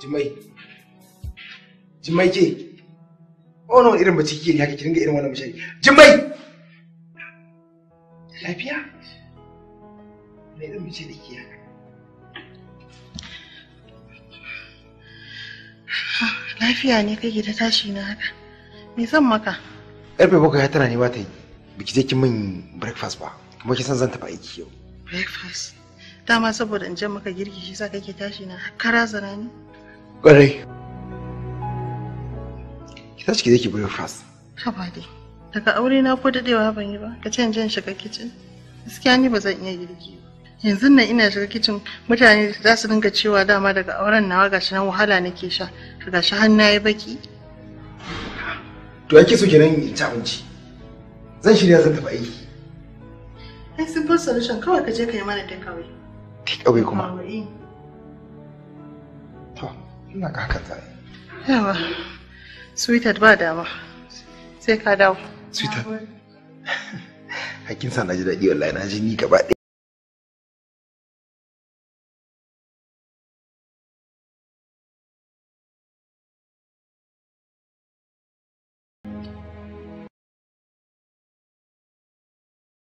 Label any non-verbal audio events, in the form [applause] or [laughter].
jimai jimai ke oh, wannan irin bace kike ne haka ki dinga irin wannan bace jimai lafiya me irin mace da ke haka lafiya ne kake ta tashi na haka me zan maka karfe boko ya tana ne ba ta yi biki je ki min breakfast ba kuma ki san zan tafi aiki yau breakfast dama saboda in je maka girki shi sa kake tashi na kara zana ne Ƙwarai. Ki tashi ki je ki breakfast. Haba dai. Daga aure na ko dadewa ban yi ba. Ka ce in shiga kicin. Gaskiya ni ba zan iya girki ba. Yanzu nan ina shiga kicin mutane za su dinga cewa dama daga auren nawa gashi nan wahala nake sha. To gashi har na yi baki. To ake so kenan in ci abinci. Zan shirya zan taɓa aiki. Ai simple solution kawai ka je ka yi mana take away. Take away kuma. To. ina ka haka tsaye yawa sweetheart ba dama sai ka dawo sweetheart [laughs] hakin sa na ji daɗi wallahi na ji ni gaba